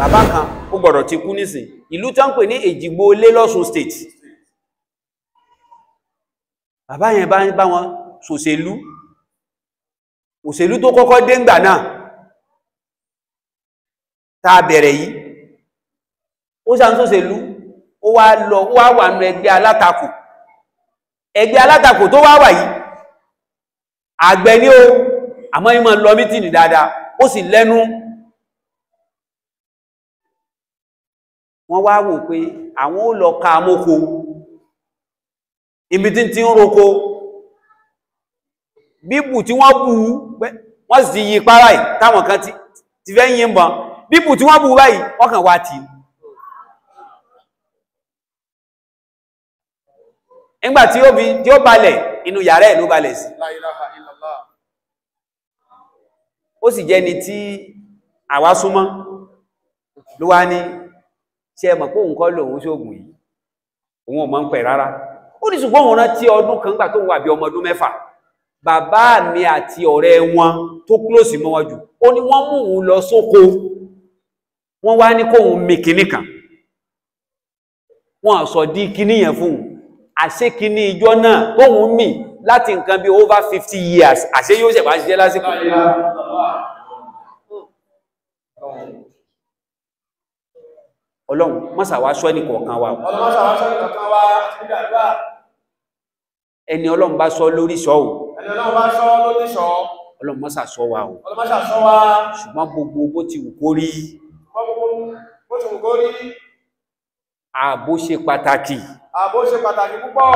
bàbá kan ó gbọ́dọ̀ ti kú nísìn ìlú tó ń pè ní èjìgbò lé lọ́sùn state bàbá yẹn bá ń bá wọn ṣòṣèlú òṣèlú tó kọ́kọ́ dé ń gbà náà tá a bẹ̀rẹ̀ yìí ó sàn ṣòṣèlú ó wá lọ ó wá wà nù ẹgbẹ́ alátakò ẹgbẹ́ alátakò tó wá wà yìí àgbẹ̀ ni ó àmọ́ ìmọ̀ lọ mítìnì dáadáa ó sì lẹ́nu wọ́n wá wò pé àwọn ó lọ ka amóko ibi tí ti ń roko bíbù tí wọ́n bù wọ́n sì yí párá ì táwọn kan ti fẹ́ yìnbọn bíbù tí wọ́n bù báyìí wọ́n wá tì nígbà tí ó bí tí ó balẹ̀ inú yàrá ẹ̀ ló balẹ̀ sí ó sì jẹ́ ni tí àwa ló wá ní ṣe mọ̀ pé òun kọ́ lòun ṣoògùn yìí òun ò mọ̀ ń pẹ̀ rárá ó ní ṣùgbọ́n òun rántí ọdún kan gbà tó ń wà bí ọmọ ọdún mẹ́fà bàbá mi àti ọ̀rẹ́ wọn tó kúlòsì mọ́ wọn jù ó ní wọ́n mú òun lọ sóko wọ́n wá ní kóun mi kinní kan wọ́n sọ di kinní yẹn fún un àṣé kinní ijọ́ náà tóun mì láti nǹkan bí over fifty years àṣé yóò ṣẹ̀wá ṣiṣẹ́ lásìkò ọlọ́run mọ́sàwá ṣọ́ ní kọ̀ọ̀kan wa ẹni ọlọ́run bá ṣọ́ lórí ṣọ́ o ọlọ́run mọ́sà ṣọ́ wa o ṣùgbọ́n gbogbo bó ti wù kó rí ààbò ṣe pàtàkì ààbò ṣe pàtàkì púpọ̀